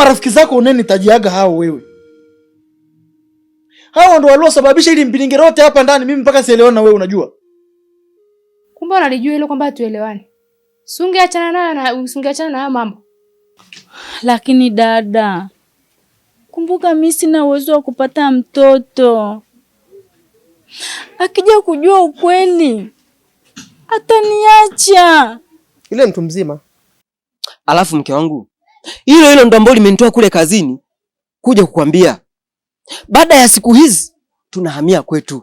marafiki zako unenitajiaga hao wewe. Hao ndo waliosababisha ili mbilinge lote hapa ndani mimi mpaka sielewani na wewe unajua. Kumbe unalijua hilo kwamba hatuelewani. Usingeachana naye na usingeachana na mambo. Lakini dada, kumbuka mimi sina uwezo wa kupata mtoto. Akija kujua ukweli ataniacha. Ile mtu mzima. Alafu mke wangu hilo hilo ndo ambalo limenitoa kule kazini kuja kukwambia. Baada ya siku hizi tunahamia kwetu.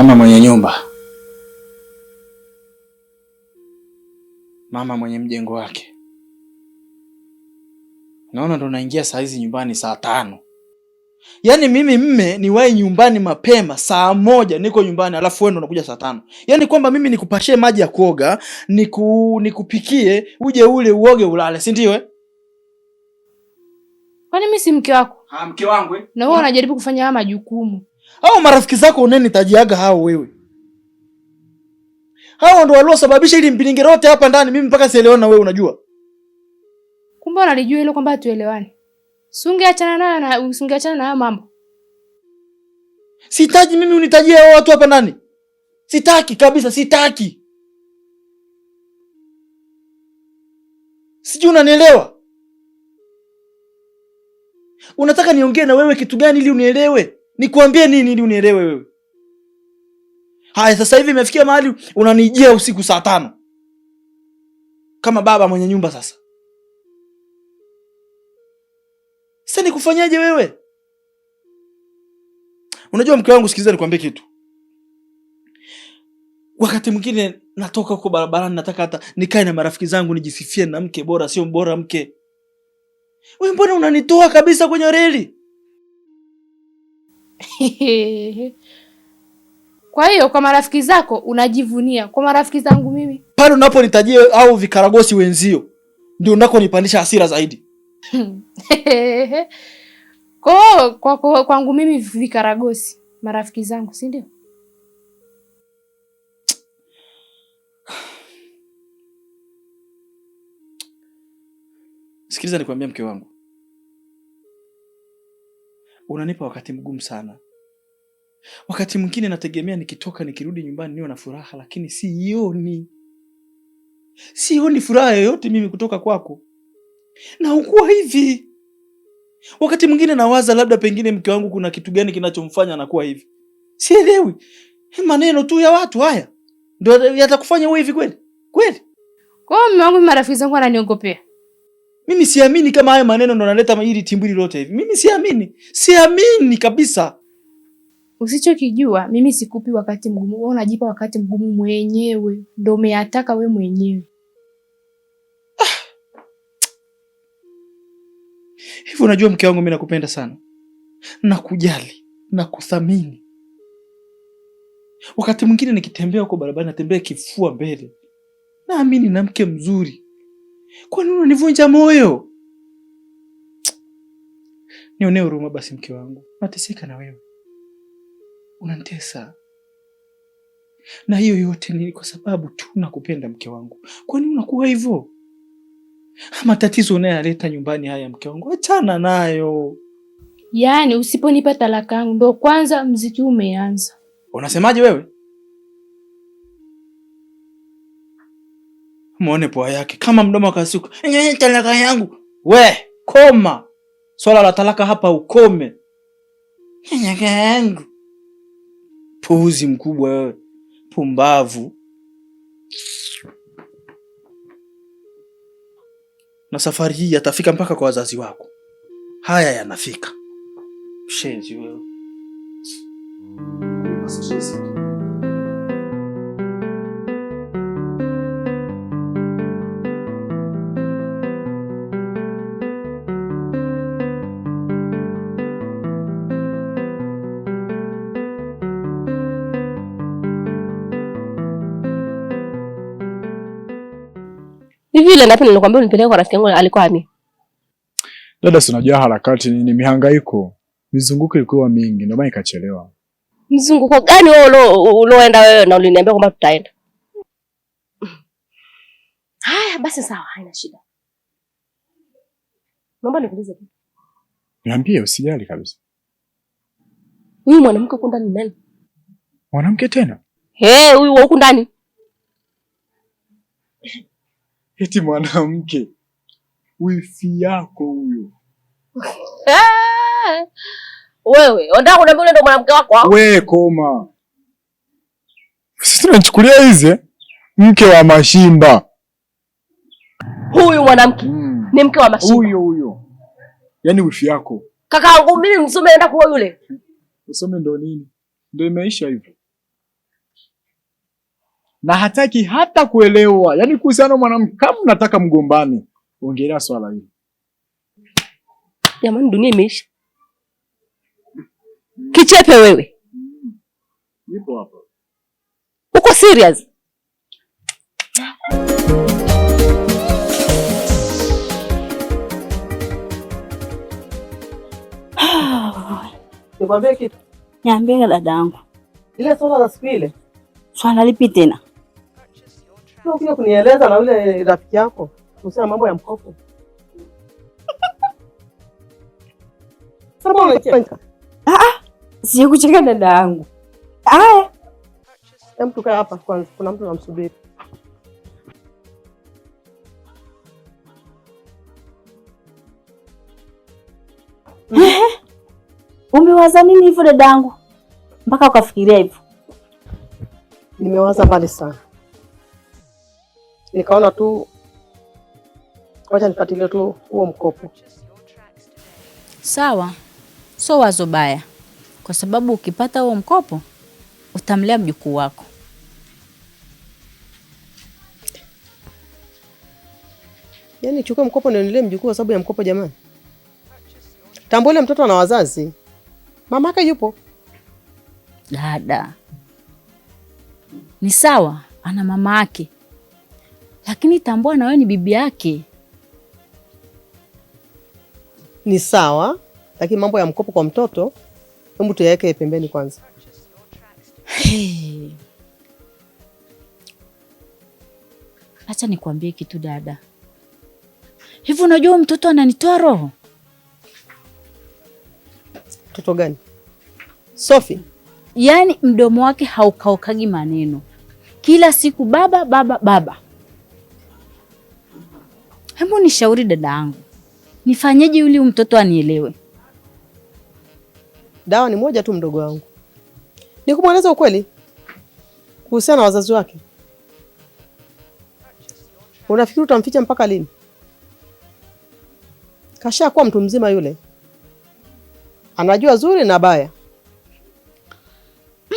Mama mwenye nyumba, mama mwenye mjengo wake. Naona ndo naingia saa hizi nyumbani saa tano. Yaani mimi mme niwahi nyumbani mapema saa moja niko nyumbani, alafu wewe ndo unakuja saa tano. Yaani kwamba mimi nikupashie maji ya kuoga, niku nikupikie, uje ule uoge ulale, si ndio? Eh? Kwani mimi si mke wako? Ah, mke wangu. Eh. Na wewe unajaribu kufanya haya majukumu au marafiki zako tajiaga hao wewe, hao ndo waliosababisha ili mbilinge lote hapa ndani, mimi mpaka sielewana wewe. Unajua kumbe unalijua hilo kwamba tuelewani, usingeachana nayo na usingeachana na mambo. Sitaji mimi unitajie hao watu hapa ndani, sitaki kabisa, sitaki. Sijui unanielewa? Unataka niongee na wewe kitu gani ili unielewe? Nikuambie nini ili unielewe wewe? Haya, sasa hivi imefikia mahali unanijia usiku saa tano kama baba mwenye nyumba. Sasa sasa nikufanyaje wewe? Unajua mke wangu, sikiliza nikwambie kitu. Wakati mwingine natoka huko barabarani, nataka hata nikae na marafiki zangu nijisifie na mke bora sio mbora mke. Wewe mbona unanitoa kabisa kwenye reli? Kwa hiyo kwa marafiki zako unajivunia, kwa marafiki zangu mimi pale unaponitajia au vikaragosi wenzio ndio unakonipandisha hasira zaidi. Kwa kwangu kwa mimi vikaragosi marafiki zangu, si ndio? Sikiliza nikwambia, mke wangu, unanipa wakati mgumu sana. Wakati mwingine nategemea nikitoka nikirudi nyumbani niwe na furaha, lakini sioni, sioni furaha yoyote mimi kutoka kwako. Naugua hivi. Wakati mwingine nawaza labda pengine mke wangu kuna kitu gani kinachomfanya anakuwa hivi, sielewi. Maneno tu ya watu haya ndio yatakufanya uwe hivi kweli kweli? Kwa mmewangu mume wangu, marafiki zangu wananiogopea mimi siamini kama haya maneno ndo naleta hili timbwili lote hivi. Mimi siamini, siamini kabisa. Usichokijua mimi sikupi wakati mgumu, wewe unajipa wakati mgumu mwenyewe, ndo umeyataka we mwenyewe. Ah, unajua, mke wangu, mimi nakupenda sana, nakujali, nakuthamini. Wakati mwingine nikitembea huko barabarani, natembea kifua mbele, naamini na mke mzuri kwa nini unanivunja moyo? Nionee huruma basi, mke wangu, nateseka na wewe unantesa na hiyo yote ni kwa sababu tu nakupenda mke wangu. Kwa nini unakuwa hivyo? Matatizo unayoleta nyumbani haya, mke wangu, achana nayo. Yaani usiponipa talaka yangu ndo kwanza mziki umeanza. Unasemaje wewe? Mwone pua yake kama mdomo akasuka. Talaka yangu we, koma swala la talaka hapa, ukome talaka yangu. Puuzi mkubwa wewe, pumbavu. Na safari hii yatafika mpaka kwa wazazi wako, haya yanafika. Mshenzi wewe. Hivi ile ngapi nilikwambia unipeleke kwa rafiki yangu alikuwa ami. Dada, si unajua harakati nini, mihangaiko, mizunguko ilikuwa mingi ndio maana ikachelewa. Mzunguko gani wewe uloenda wewe na uliniambia kwamba tutaenda? Haya basi sawa, haina shida. Naomba nikuulize tu. Niambie, usijali kabisa. Huyu mwanamke huko ndani nani? Mwanamke tena? Eh, hey, huyu huko ndani. Eti mwanamke wifi yako huyo. Eh! Wewe unataka kuniambia yule ndo mwanamke wako? Wewe koma. Sisi tunachukulia hizi eh? mke wa mashimba. Huyu mwanamke hmm. ni mke wa mashimba. Huyo huyo. Yaani wifi yako. Kakaangu mimi msome enda kwa yule. Usome ndo nini? Ndio imeisha hivyo na hataki hata kuelewa, yaani kuhusiana mwanamke, kama nataka mgombane, ongelea swala hili jamani. Dunia imeisha kichepe, wewe ipo hapa, uko serious? Nikwambie niambie dadangu, ile swala la siku ile. Swala lipi tena? Unakuja kunieleza na yule rafiki yako kuhusiana mambo ya mkopo. Ah, ah, kucheka dada yangu. Aya, hebu tukae hapa kwanza, kuna mtu anamsubiri. Umewaza nini hivyo dada mpaka ukafikiria hivyo? Nimewaza mbali sana nikaona tu wacha nifuatilie tu huo mkopo. Sawa, so wazo baya, kwa sababu ukipata huo mkopo utamlea mjukuu wako. Yaani chukua mkopo ndio nilee mjukuu kwa sababu ya mkopo? Jamani, tambule mtoto ana wazazi, mamake yupo. Dada ni sawa, ana mama yake lakini tambua na wewe ni bibi yake. Ni sawa, lakini mambo ya mkopo kwa mtoto, hebu tuyaweke pembeni kwanza. Hey. Acha nikwambie kitu dada, hivi unajua mtoto ananitoa roho. Mtoto gani? sofi yaani mdomo wake haukaukagi maneno, kila siku baba baba baba Hebu nishauri dada yangu, nifanyeje yule mtoto anielewe? Dawa ni moja tu, mdogo wangu, ni kumweleza ukweli kuhusiana na wazazi wake. Unafikiri utamficha mpaka lini? Kasha kuwa mtu mzima yule, anajua zuri na baya.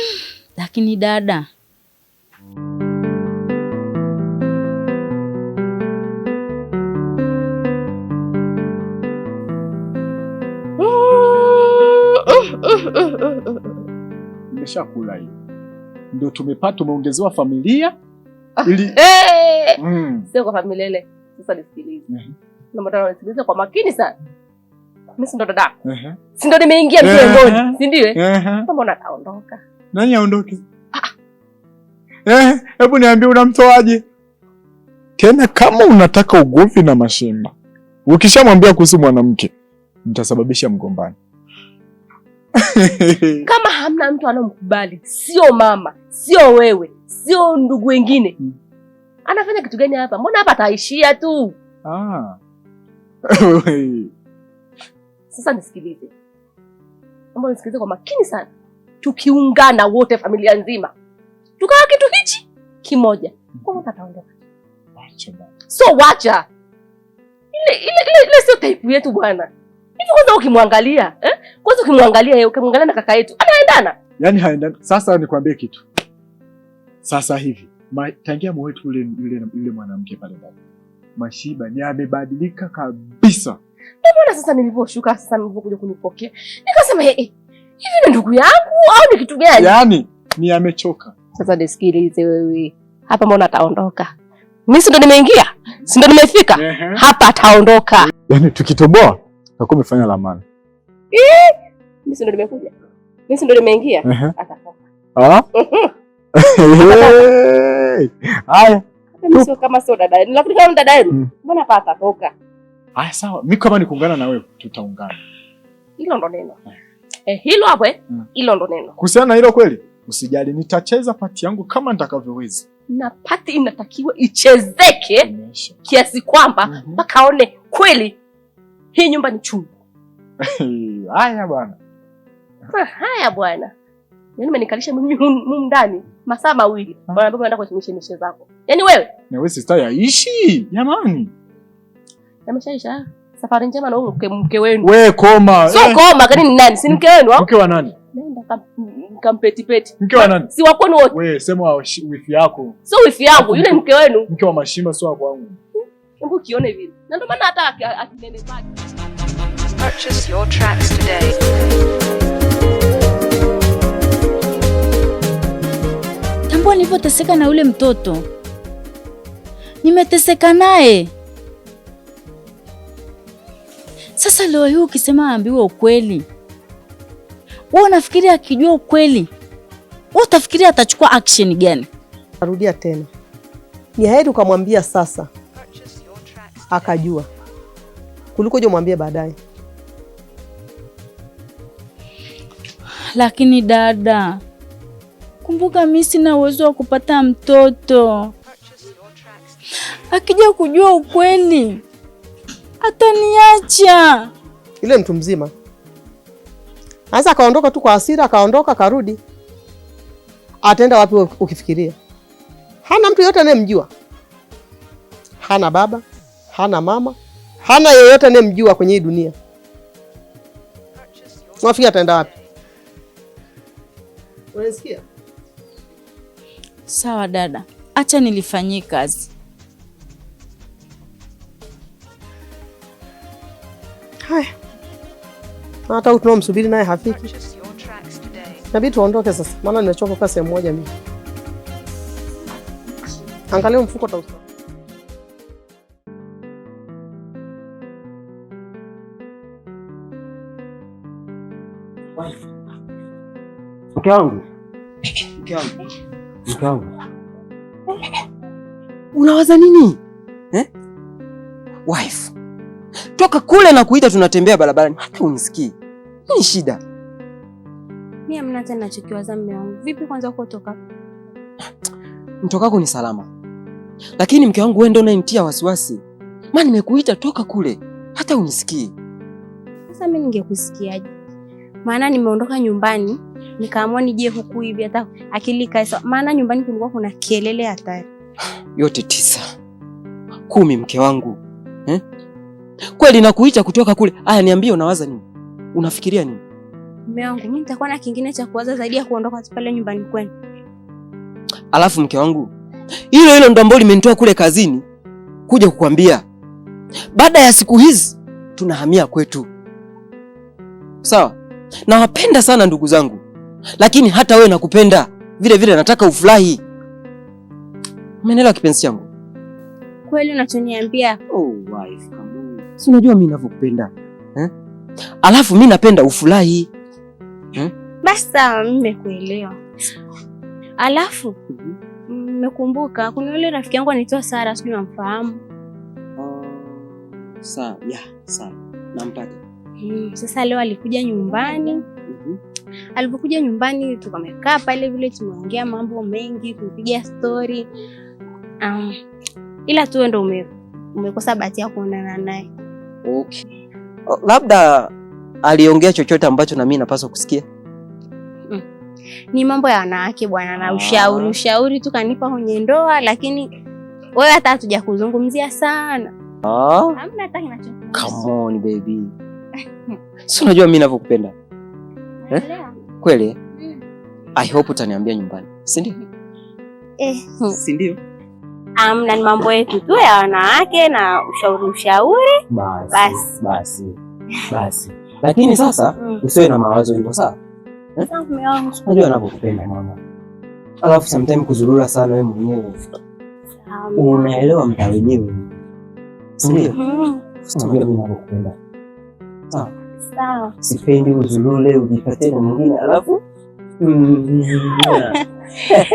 Lakini dada Nimeshakula hiyo, ndio tumepata, tumeongezewa familia ah, ili mm. Sio kwa familia ile. Sasa nisikilize, mhm. naomba unisikilize kwa makini sana. Mimi si ndo dada, si ndo nimeingia mlangoni, si ndio? Mbona kaondoka? Nani aondoke? Ah, ah. Hebu niambie, unamtoaje tena? Kama unataka ugomvi na mashimba, ukishamwambia kuhusu mwanamke mtasababisha mgombani kama hamna mtu anamkubali, sio mama, sio wewe, sio ndugu wengine, hmm. anafanya kitu gani hapa? Mbona hapa ataishia tu? Ah. Sasa nisikilize, mbona nisikilize kwa makini sana. Tukiungana wote, familia nzima, tukawa kitu hichi kimoja, hmm. ataondoka. So wacha ile ile ile, sio taipu yetu bwana. Hivi kwanza ukimwangalia eh? Kwanza ukimwangalia yeye, ukimwangalia na kaka yetu anaendana, yaani haendani. Sasa nikwambie kitu, sasa hivi tangia mwetu yule yule yule mwanamke pale ndani Mashiba ni amebadilika kabisa. Ndio sasa nilivyoshuka sasa nilivyokuja kunipokea nikasema, hey, eh, eh, hivi ni ndugu yangu au ni kitu gani? Yaani ni amechoka sasa. Nisikilize wewe hapa, mbona ataondoka? Mimi si ndo nimeingia, si ndo nimefika hapa, ataondoka. Yaani tukitoboa Utakuwa umefanya la maana. Mimi si ndo nimekuja. Mimi si ndo nimeingia. Akatoka. Ah? Haya. Mimi sio kama sio dada yenu. Lakini kama dada yenu, mm. mbona hapa atatoka? Haya sawa. Mimi kama ni kuungana na wewe tutaungana. Hilo ndo neno. Eh, eh hilo hapo eh? Mm. Hilo ndo neno. Kuhusiana na hilo kweli? Usijali, nitacheza pati yangu kama nitakavyoweza, na pati inatakiwa ichezeke kiasi kwamba mhm. mpaka mm -hmm. aone kweli hii nyumba ni chungu. Haya bwana, haya bwana, yaani umenikalisha mimi mumu ndani masaa mawili, anaenda ah. kuhitimisha mishe zako. Yaani wewe na wewe sista yaishi jamani, yameshaisha. Safari njema na wewe mke wenu. Wewe koma. Sio eh. koma, kani ni nani? Si mke wenu au? Mke wa nani? Nenda kampeti peti. Mke wa nani? Si wako ni wote. Wewe sema wifi yako. Sio wifi yangu, yule mke wenu. Mke wa mashima sio wako wangu hebu kione vile, na ndio maana hata akinene akinenepa Purchase your tracks today. Tambua nilivyoteseka na ule mtoto, nimeteseka naye. Sasa leo hii ukisema aambiwe ukweli, wewe unafikiri akijua ukweli, wewe utafikiri atachukua action gani? Arudia tena, ni heri ukamwambia sasa akajua kuliko je mwambie baadaye. Lakini dada, kumbuka mimi sina uwezo wa kupata mtoto. Akija kujua ukweli ataniacha. Ile mtu mzima sasa akaondoka tu kwa hasira, akaondoka karudi, ataenda wapi? Ukifikiria hana mtu yote anayemjua, hana baba hana mama, hana yeyote anayemjua kwenye hii dunia. Nafikiri ataenda wapi? Unasikia? Sawa dada, acha nilifanyie kazi. Haya, hata tunaomsubiri naye hafiki, nabidi tuondoke sasa, maana nimechoka kwa sehemu moja mimi. Angalia mfuko tausa. Mke wangu, mke wangu, unawaza nini eh? Wife toka kule na kuita, tunatembea barabarani hata unisikii. nini? shida mi amna tena ninachokiwaza. Mme wangu vipi? Kwanza uko toka mtokako ni salama, lakini mke wangu, wewe ndio unanitia wasiwasi, maana nimekuita toka kule hata unisikii. Sasa mimi ningekusikiaje? maana nimeondoka nyumbani nikaamua nije huku hivi, hata akili ikae sawa, maana nyumbani kulikuwa kuna kelele hatari. Yote tisa kumi, mke wangu eh? Kweli nakuita kutoka kule. Aya, niambie unawaza nini, unafikiria nini? Mume wangu, mimi nitakuwa na kingine cha kuwaza zaidi ya kuondoka pale nyumbani kwenu. Alafu mke wangu, hilo hilo ndo ambalo limenitoa kule kazini kuja kukwambia, baada ya siku hizi tunahamia kwetu, sawa? Nawapenda sana ndugu zangu, lakini hata wewe nakupenda vile vile, nataka ufurahi. Umeelewa kipenzi changu? Kweli unachoniambia. Oh, wife, come Si unajua mimi ninavyokupenda eh? Alafu mimi napenda ufurahi eh? Basi sawa, nimekuelewa. Alafu mm-hmm. nimekumbuka Kuna yule rafiki yangu anaitwa Sara, sijui namfahamu. Oh, sawa, yeah, Nampata. Mm. Sasa leo alikuja nyumbani mm -hmm. Alipokuja nyumbani tukamekaa pale vile, tumeongea mambo mengi, kupiga story. um, ila tu ndo ume, umekosa bahati ya kuonana naye okay. Oh, labda aliongea chochote ambacho na mimi napaswa kusikia? Mm. Ni mambo ya wanawake bwana, na ah. ushauri ushauri tu kanipa kwenye ndoa, lakini wewe hata kuzungumzia sana. Ah. Hamna hata kinachokuhusu. Come on baby. Si unajua mimi ninavyokupenda eh? Kweli mm. I hope utaniambia nyumbani, si ndio? Eh. Si ndio? Amna, um, ni mambo yetu tu ya wanawake na ushauri ushauri. Basi, basi. Basi. Basi. Lakini sasa mm. usiwe na mawazo hivyo sawa? Eh? Najua ninavyokupenda mama. Alafu sometimes kuzurura sana wewe mwenyewe. Unaelewa mtaa wenyewe. Si ndio? Sasa mm-hmm. mimi ninavyokupenda sawa? Sipendi uzulule ujipatie na mwingine alafu mm.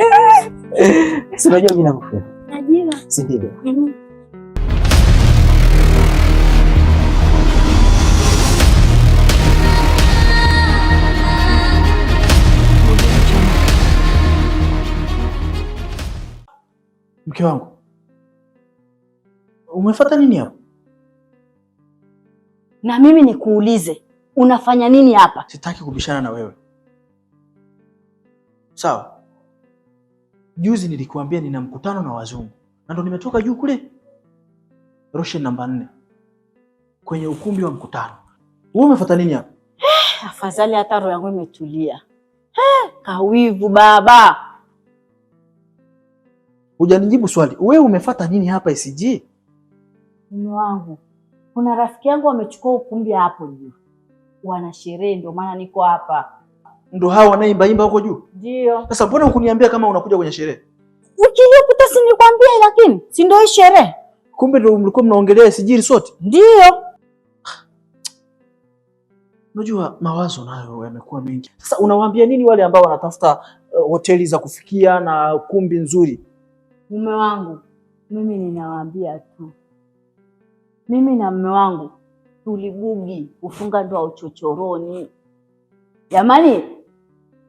si unajua mimi nakupenda. Najua. Si ndio? Mm-hmm. Mke wangu umefuata nini hapo? na mimi nikuulize unafanya nini hapa? Sitaki kubishana na wewe sawa. Juzi nilikuambia nina mkutano na wazungu na ndo nimetoka juu kule roshe namba nne kwenye ukumbi wa mkutano. Wewe umefuata nini hapa? Eh, afadhali hata roho yangu imetulia. Eh, kawivu baba, hujanijibu swali. Wewe umefuata nini hapa? Isiji wangu kuna rafiki yangu amechukua ukumbi hapo juu, wana sherehe, ndio maana niko hapa. Ndo hao wanaimba imba huko juu? Ndio. Sasa mbona hukuniambia kama unakuja kwenye sherehe? Wiki iliyopita si nilikwambia, lakini si ndio hii sherehe? Kumbe ndio mlikuwa mnaongelea sijiri sote? Ndio. Unajua mawazo nayo yamekuwa mengi. Sasa unawaambia nini wale ambao wanatafuta uh, hoteli za kufikia na kumbi nzuri? Mume wangu, mimi ninawaambia tu mimi na mme wangu tulibugi kufunga ndoa uchochoroni. Jamani,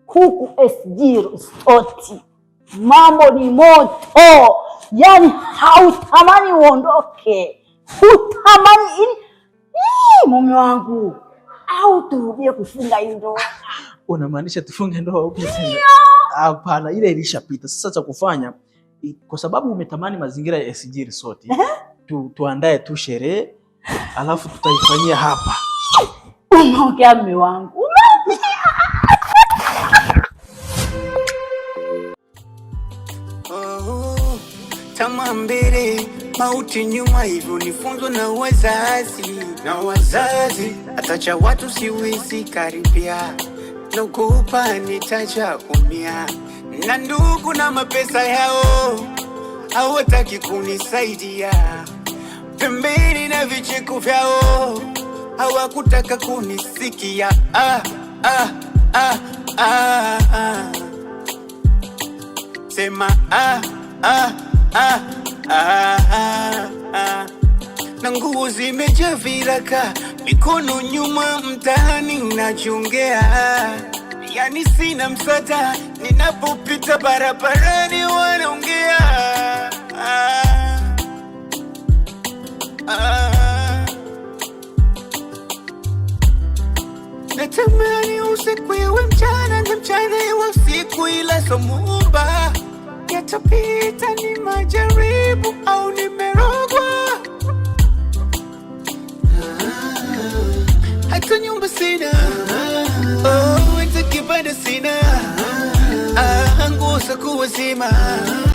huku SG Resort mambo ni moto, yani hautamani uondoke, hutamani ini. Mume wangu, au turudie kufunga hii ndoa? Unamaanisha tufunge ndoa upya Hapana, ile ilishapita. Sasa cha kufanya, kwa sababu umetamani mazingira ya SG Resort tu, tuandae tu sherehe alafu tutaifanyia hapa. Umeongea mme wangu, tamaa mbele mauti nyuma, hivyo nifunzo na wazazi na wazazi, atacha watu siwezi karibia na nitacha umia na ndugu na mapesa yao hawataki kunisaidia pembeni na vicheko vyao hawakutaka kunisikia. Ah, ah, ah, ah, ah. Sema ah, ah, ah, ah, ah, ah. Na nguo zimejaa viraka, mikono nyuma, mtaani nachongea, yani sina msata, ninapopita barabarani wanaongea ah. ah. Natamani usiku iwe mchana na mchana iwe usiku, ila somuumba yatapita, ni majaribu au nimerogwa. Hata nyumba sina, oh, hata kibanda sina, ah, nguo za kuwazima